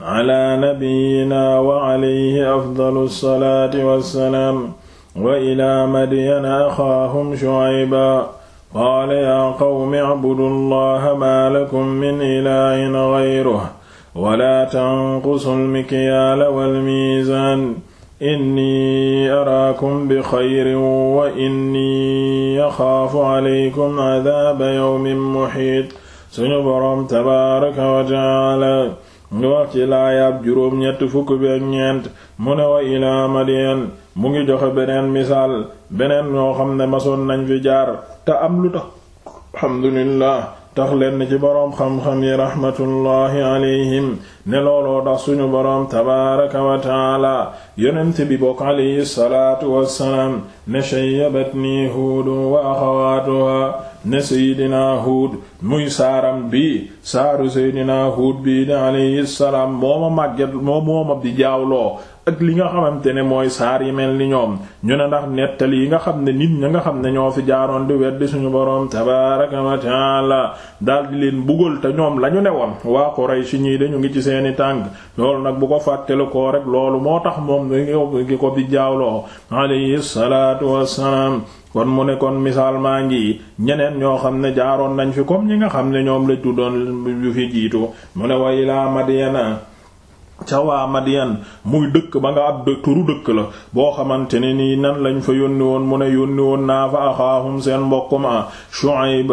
ala nabiyyina wa alayhi afdalu salaati wassalaam wa ila madyana axaahum shuayba qaala yaa qawmi acbudu allaha maa lakum min ilaahin gayruhu wala tanqusu almikyaala walmiizaan inni araakum bixayrin wa inni axaafu calaykum cadaaba yawmin muxiit suñu boroom tabaaraka wa tacaala ngi wax ci laayaab juróom ñett fukk bi ñeent mu ne wa ilaa madyan mu ngi joxe beneen misaal beneen ñoo xam ne masoon nañ fi jaar te am lu tax alhamdulillah tax lenn ci boroom xam-xam yi rahmatullahi alayhim ne looloo tax suñu boroom tabaaraka wa taala yonent bi bokk alayhi wa axawaatuhaa ne seydinaa Huud muy saaram bi saaru seydinaa Huud bi di alayhi salaam moo ma màgget moo moo ma di jaawloo ak li nga xamante ne mooy saar yi mel ni ñoom ñu ne ndax nettali yi nga xam ne nit ñu nga xam ne ñoo fi jaaroon di weddi suñu boroom tabaaraka wa taala daldi leen bugal te ñoom la ñu ne woon waa Quraysh ñii dañu ngi ci seeni tànk nag bu ko fàttali ko rek loolu moo tax moom ngi ko bi jaawloo alayhi salaatu wassalaam kon mu ne kon maa ngi ñeneen ñoo xam ne jaaroon nañ fi comme ñi nga xam ne ñoom la tuddoon yu fi jiitu mu ne wa ilaa Madyana ca waa Madiyan muy dëkk ba nga ab turu dëkk la boo xamante ne nii nan lañ fa yónni woon mu ne yónni woon naa fa axaahum seen mbokk ma Shuayb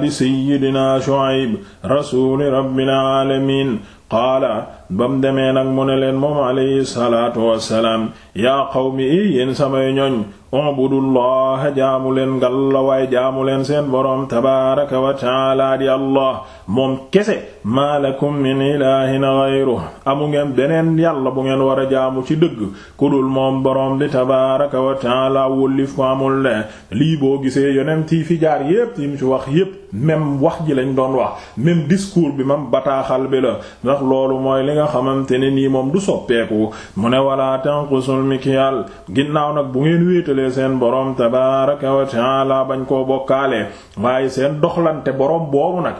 di sayyidina Shuayb rasuuli rabbil aalamiin qaala bam demee nag mu ne leen moom alayhi salaatu wassalaam yaa qawmi i yéen samay ñoñ ubudullaha jaamu leen ngalla waaye jaamu leen seen boroom tabaaraka wa taala allah moom kese maa lakum min ilaahin ghayruhu amu ngeen beneen yàlla bu ngeen war jaamu ci dëgg ku dul moom boroom di tabaaraka wa taala wóllif ko amul ne lii boo gisee yonent yi fi jaar yépp yi mu ci wax yépp même wax ji lañ doon wax même discours bi mam bataaxal bi la ndax loolu mooy li nga xamante ne nii moom du soppeeku mu ne walaa tanqusul mikyal ginnaaw nag bu ngeen wéetalee seen boroom tabaaraka wa la bañ koo bokkaale waaye seen doxlante boroom boobu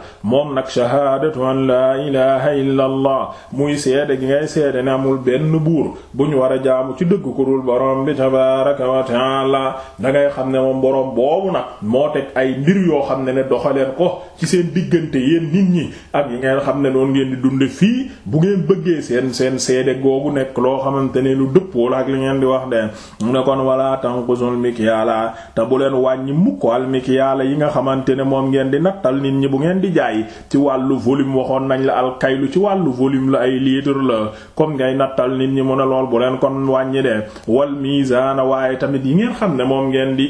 an laa ilaha illa allah muy seede gi ngay seede ne amul benn buur bu ñu war a jaamu ci dëgg ko boroom borom bi tabaraka wa taala da ngay xam ne moom boroom boobu nag moo teg ay mbir yoo xam ne ne doxaleen ko ci seen diggante yéen nit ñi ak yi ngeen xam ne noonu ngeen di dunde fii bu ngeen bëggee seen seen seede googu nekk loo xamante ne lu dëppool ak li ngeen di wax de mu ne kon wala tanqusul mikyaala te bu leen wàññi mukk al mikyaala yi nga xamante ne moom ngeen di nattal nit ñi ngeen di jaay waxoon nañ la alkaylu ci wàllu volume la ay litre la comme ngay nattal nit ñi mu ne lool bu leen kon wàññi de wal miizaana waaye tamit yi ngeen xam ne moom ngeen di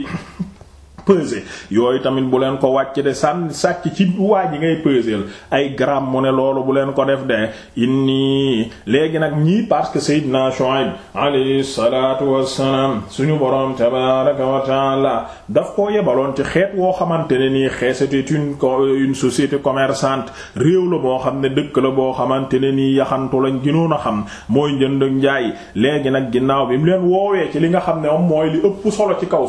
peser yooyu tamit bu leen ko wàcc de sànni sàcc ci waa ji ngay peser ay gramme mu ne loolu bu leen ko def de inni léegi nag ñii parce que Seydina Shuaib alayhi salaatu wassalaam suñu boroom tabaaraka wa taala daf koo yebaloon ci xeet woo xamante ne nii xeet c'était une une société commerçante réew la boo xam ne dëkk la boo xamante ne nii yaxantu lañ ginoon a xam mooy njënd ak njaay léegi nag ginnaaw bi mu leen woowee ci li nga xam ne moom mooy li ëpp solo ci kaw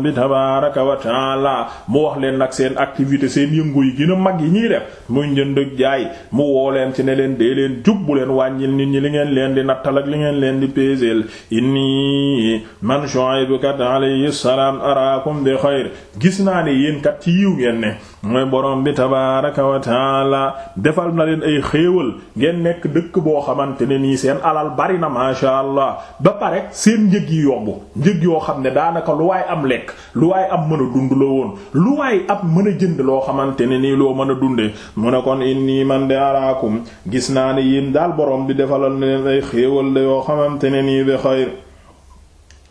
borom bi tabaaraka wa taala mu wax leen nag seen activité seen yëngu yi gën mag yi ñuy def mu njënd ak jaay mu woo leen ci ne leen dee leen jub leen wàññil nit ñi li ngeen leen di nattal ak li ngeen leen di peeseel inni man Shuayb kat alayhi salaam araakum bi xayr gis naa ne yéen kat ci yiw ngeen ne mooy borom bi tabaaraka wa defal na leen ay xéewal ngeen nekk dëkk boo xamante ne nii seen alal bari na masha allah ba pare seen njëg yi yomb njëg yoo xam ne daanaka lu waaye am lekk lu waaye am mën a dund la woon lu waay am mën a jënd loo xamante ne nii loo mën a dunde mu ne kon nii man de araakum gis naa ne yéen daal borom bi defalal na leen ay xéewal la yoo xamante ne nii bi xayr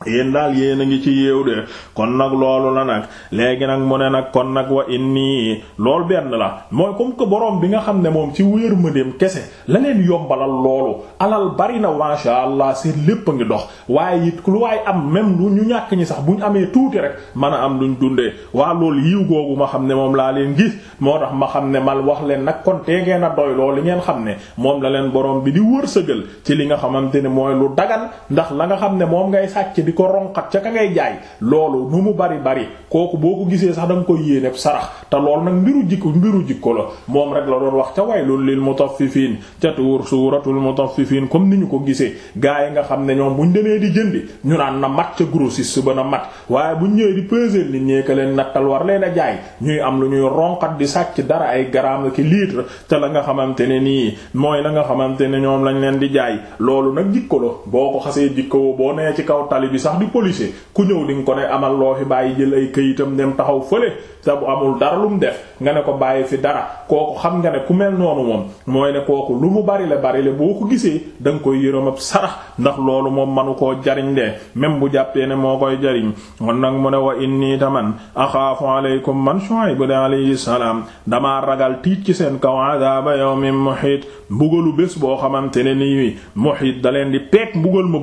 yéen daal yéen a ngi ci yéew de kon nag loolu la nag léegi nag mu ne nag kon nag wa inni loolu benn la mooy comme que borom bi nga xam ne moom ci wéer mëndeem kese la leen yombalal loolu alal bari na masha Allah si lépp a ngi dox waaye it lu am même lu ñu ñàkk ñi sax bu ñu amee tuuti rek mën a am luñ dundee waa loolu yiw googu ma xam ne moom laa leen gis moo tax ma xam ne man wax leen nag kon tee ngeen a doy loolu ngeen xam ne moom la leen boroom bi di wërsëgal ci li nga xamante ne mooy lu dagan ndax la nga xam ne moom ngay sàcc di ko ronqat ca ka ngay jaay loolu nu mu bari bari boo ko gisee sax da nga koy yéeneb sarax te loolu nag mbiru jikko mbiru jikko la moom rek la doon wax ca waylul lil mutaffifiin ca tuur suuratul mutaffifiin comme ni ñu ko gisee gaa yi nga xam ne ñoom bu buñ demee di jëndi ñu naan na mat ca grossiste ba na mat waaye buñ ñëwee di peser nit ñee ka leen nattal war leen a jaay ñuy am lu ñuy ronqat di sàcc dara ay garaama ki litre te la nga xamante ne nii mooy la nga xamante ne ñoom lañ leen di jaay loolu nag jikko la boo ko xasee jikko boo nee ci kaw tali bi sax di policier ku ñëw di ko ne amal loo fi bàyyi jël ay këyitam dem taxaw fële te bu amul dara lu mu def nga ne ko bàyyi fi dara kooku xam nga ne ku mel noonu moom mooy ne kooku lu mu bari la bari la boo ko gisee danga nga koy yërëm ab sarax ndax loolu moom manu koo jariñ de même bu jàppee ne moo koy jariñ kon nag mu ne wa inni taman axaafu aleykum man Shuayb alayhi salaam dama ragal tiit ci seen kaw adaaba yawmin muhiit mbugalu bés boo xamante ne nii muhiit da leen di peek mbugal ma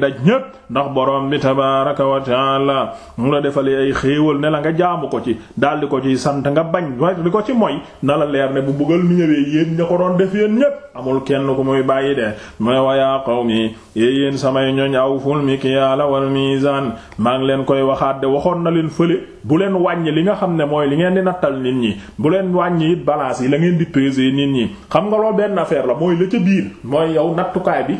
daj ñépp ndax borom bi tabaaraka wa taala mu la defalee ay xéewal ne la nga jaamu ko ci daldi ko ci sant nga bañ di ko ci moy na la leer ne bu bëggal mi ñëwee yéen ña ko doon def yéen ñépp amul kenn ku muy bàyyi de mu ne wa yaa qawmi yéen samay ñoñ awful mikyaala wal miizaan maa ngi leen koy waxaat de waxoon na leen fële bu leen wàññi li nga xam ne mooy li ngeen di nattal nit ñi bu leen wàññi it balance yi la ngeen di peser nit ñi xam nga loolu benn affaire la mooy la ca biir yow nattukaay bi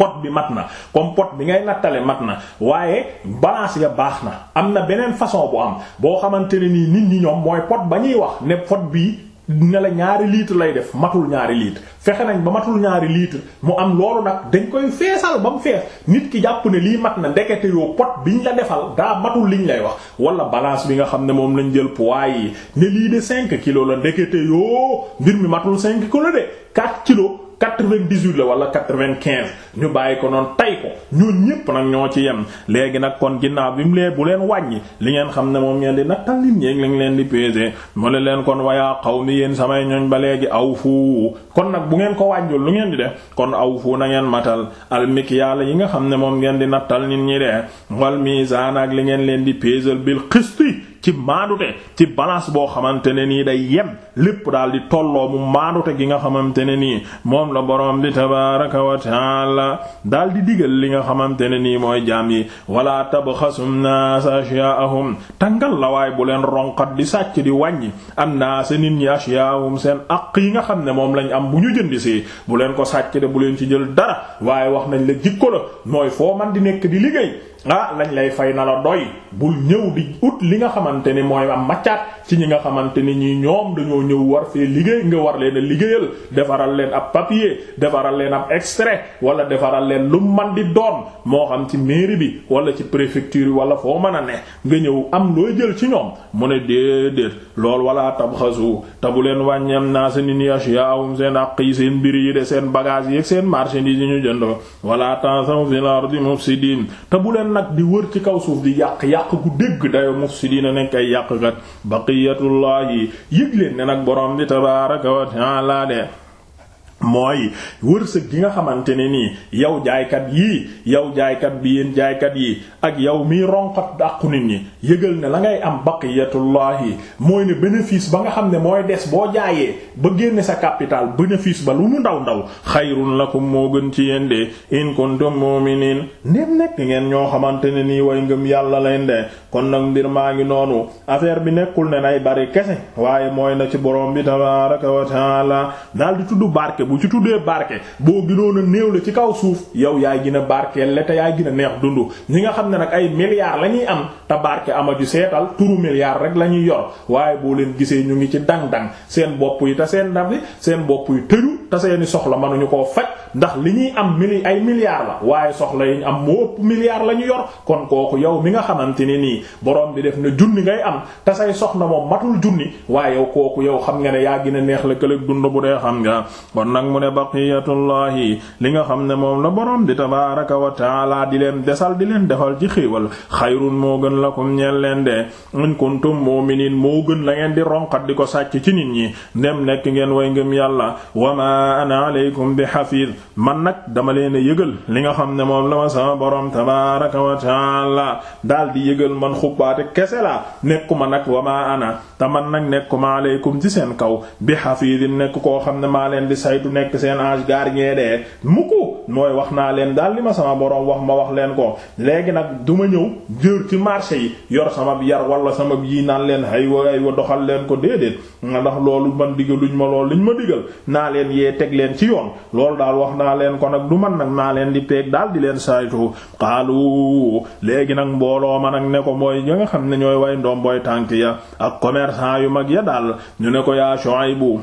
pot bi mat na comme pot bi ngay nattale mat na waaye balance ya baax na am na beneen façon bu am boo xamante ne nii nit ñi ñoom mooy pot ba ñuy wax ne pot bii ne la ñaari litre lay def matul ñaari litre fexe nañ ba matul ñaari litre mu am loolu nag dañ koy feesal ba mu fees nit ki jàpp ne lii mat na ndekete yoo pot biñ la defal daa matul liñ lay wax wala balance bi nga xam ne moom lañ jël poids yi ne lii de cinq kilos la ndekete yoo mbir mi matul cinq kilos de quatre kilos quatre-vingt-dix-huit la wala quatre-vingt-quinze ñu bàyyi ko noonu tay ko ñun ñépp nag ñoo ci yem léegi nag kon ginnaaw bi mu lee bu leen wàññi li ngeen xam ne moom ngeen di nattal nit ñéegi lañ leen di peser mu ne leen kon wayaa xaw mi yéen samay ñooñ ba léegi aw fu kon nag bu ngeen ko wàññul lu ngeen di def kon aw fu na ngeen matal almikyaala yi nga xam ne moom ngeen di nattal nit ñi de wal miisaan ak li ngeen leen di peser bil qisti ci maandute ci balance boo xamante ne nii day yem lépp daal di tolloo mu maandute gi nga xamante ne nii moom la boroom di tabaraka wa taala daal di digal li nga xamante ne nii mooy jaam yi wala tabxasu nnaas ashyaahum tàngal la waaye bu leen ronqat di sàcc di wàññi an naasa nit ñi ashyaahum seen aq yi nga xam ne moom lañ am bu ñu jëndi si bu leen ko sàcc de bu leen ci jël dara waaye wax nañ la jikko la mooy foo man di nekk di liggéey ah lañ lay fay na la doy bul ñëw di ut li nga xamante ni mooy am maccaat ci ñi nga xamante ni ñi ñoom dañoo ñëw war fee liggéey nga war leen a liggéeyal defaral leen ab papier defaral leen ab extrait wala defaral leen lu man di doon moo xam ci mairie bi wala ci préfecture bi wala foo mën a ne nga ñëw am looy jël ci ñoom mu ne déedéet lool wala tabxasu tabu leen wàññeem naa seen ni ashiyaahum seen àq yi seen mbir yi de seen bagage yi ak seen marchandise yi ñu jënd wala nag di wër ci kaw suuf di yàq yàq ku dégg dayo mufsidiina nekk ay yàqkat baqiyatullaahi yëg leen ne nag borom bi tabaaraka wa laa de mooy wërsëg gi nga xamante ne nii yow jaaykat yii yow jaaykat bi yéen jaaykat yi ak yow miy ronqat dàqu nit ñi yëgal ne la ngay am baqiyatullahi mooy ne bénéfice ba nga xam ne mooy des boo jaayee ba génne sa capital bénéfice ba lu mu ndaw ndaw na ko moo gën ci yéen de in kuntum mu'minin ndem nekk ngeen ñoo xamante ne nii way ngëm yàlla leen de kon nag mbir maa ngi noonu affaire bi nekkul ne nay bari kese waaye mooy na ci borom bi tabaaraka wa taala bu ci tuddee barke boo gënoon a néew la ci kaw suuf yow yaay gën a barkeel la te yaay gën a neex dund ñi nga xam ne nag ay milliards la ñuy am te barke ama ju seetal turu milliard rek la ñuy yor waaye boo leen gisee ñu ngi ci dang-dang seen bopp yi te seen ndam yi seen bopp yi tëju te seeni soxla mënuñu koo faj ndax li ñuy am mili ay milliards la waaye soxla yi am moo ëpp milliards la ñu yor kon kooku yow mi nga xamante ne nii borom bi def na junni ngay am te say soxna moom matul junni waaye yow kooku yow xam nga ne yaa gën neex la këlëg dund bu dee xam nag mu ne baqiyatullahi li nga xam ne moom la borom di tabaaraka wa taala di leen desal leen defal ci xéewal xayrun moo gën lakum ñeel leen de in kuntum mu'minin moo gën la ngeen di ronqat di ko sàcc ci nit ñi ndem nekk ngeen way ngëm yàlla wa ma ana aleykum bi hafiz man nag dama leen yëgal li nga xam ne moom la ma sama borom tabaaraka wa taala dal di yëgal man xubbaate kese la nekkuma nag wa ma ana te man nag nekkuma aleykum ci seen kaw bi hafiz nekk koo xam ne nekk seen ange gardien de mukk mooy wax naa leen daal li ma sama boroom wax ma wax leen ko léegi nag du ma ñëw jër ci marché yi yor sama bi yar wala sama yi naan leen ay wa ay doxal leen ko déedéet ndax loolu man digaluñ ma loolu ñu ma digal naa leen yee teg leen ci yoon loolu daal wax naa leen ko nag du man nag naa leen di peeg daal di leen saytu xaalu léegi nag mbooloo ma nag ne ko mooy ñi nga xam ne ñooy way ndoom booy tànk ya ak commerçant yu mag ya daal ñu ne ko yaa Shuaybu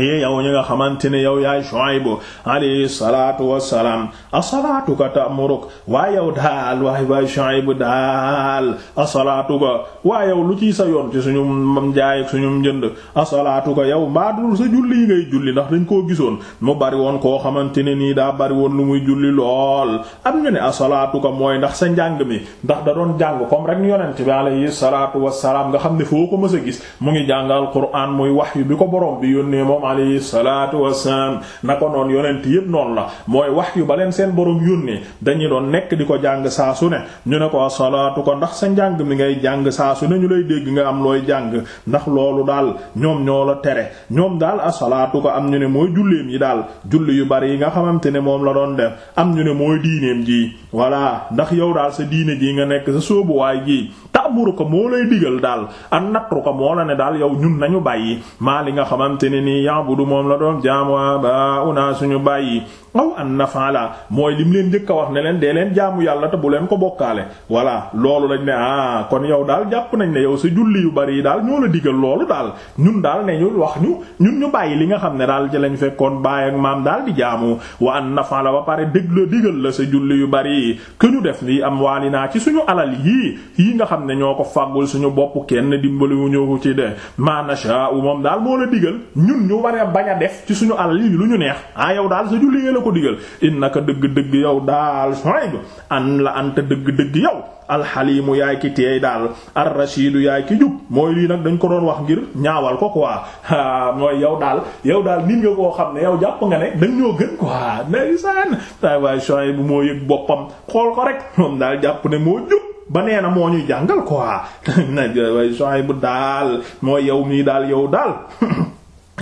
yé yow ñi nga xamante ne yow yaay Shuaybu alayhi salaatu wassalaam asalaatuka ta'muruk waaye yow daal waay waay Shuaybu daal asalaatuka waaye yow lu ciy sa yoon ci suñu mam jaay suñu njënd asalaatuka yow mbaadul sa julli yi ngay julli ndax dañ koo gisoon mu bari woon koo xamante ne nii daa bari woon lu muy julli lool am ñu ne ko mooy ndax sa njàng mi ndax da doon jàng comme rek ñu yonent bi alayhi salaatu wassalaam nga xam ne foo ko mës gis mu ngi jàngal Qur'aan muy wahyu bi ko borom bi yónnee moom salaatu wassalaam na ko noon yonent yëpp noonu la mooy wax yu ba seen borom yónnee dañuy doon nekk di ko jàng saa su ne ñu ne ko asalaatu ko ndax sa njàng mi ngay jàng saa su ne ñu lay dégg nga am looy jàng ndax loolu daal ñoom ñoo la tere ñoom daal asalaatu ko am ñu ne mooy julleem yi daal julli yu bari yi nga xamante ne moom la doon def am ñu ne mooy diineem ji voilà ndax yow daal sa diine ji nga nekk sa sóobuwaay ji ko moo lay digal daal an natruka moo la ne daal yow ñun nañu bàyyi maa li nga xamante ne nii ya'budu moom la doon jaamu abaa una suñu bàyyi aw an nafala mooy lim leen njëkk a wax ne leen dee leen jaamu yàlla te bu leen ko bokkaale voilà loolu lañ ne ah kon yow daal jàpp nañ ne yow sa julli yu bari yi daal ñoo la digal loolu daal ñun daal ne ñu wax ñu ñun ñu bàyyi li nga xam ne daal ci lañ fekkoon baay ak maam daal di jaamu wa an nafala ba pare dég la digal la sa julli yu bari yi ku ñu def li am waali naa ci suñu alal yii yi nga xam ne ñoo ko fàggul suñu bopp kenn dimbaliwu ñoo ko ci de maanacha u moom daal moo la digal ñun ñu war bañ a def ci suñu alal lu ñu neex ah ko digal innaka dëgg-dëgg yow daal Shuayb an la anta dëgg-dëgg yow alxalimu yaay ki teey daal ar-rashidu yaay ki jub mooy lii nag dañ ko doon wax ngir ñaawal ko quoi mooy yow daal yow daal nit nga koo xam ne yow jàpp nga ne dañ ñoo gën quoi ndeysaan waay waay Shuayb moo yëg boppam xool ko rek moom daal jàpp ne moo jub ba nee na moo ñuy jàngal ko na way Shuayb daal mooy yow mii daal yow daal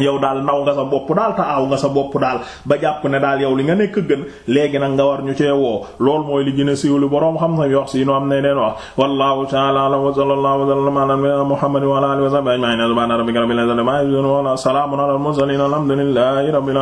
yow daal naw nga sa bopp daal te aaw nga sa bopp daal ba jàpp ne daal yow li nga nekk gën léegi nag nga war ñu cee woo loolu mooy li gën a siiw lu xam nga yox si am ne neen wax wallahu ta'ala a'lam wa sallallahu ala muhammadin wa ala alihi wa sahbihi ajma'in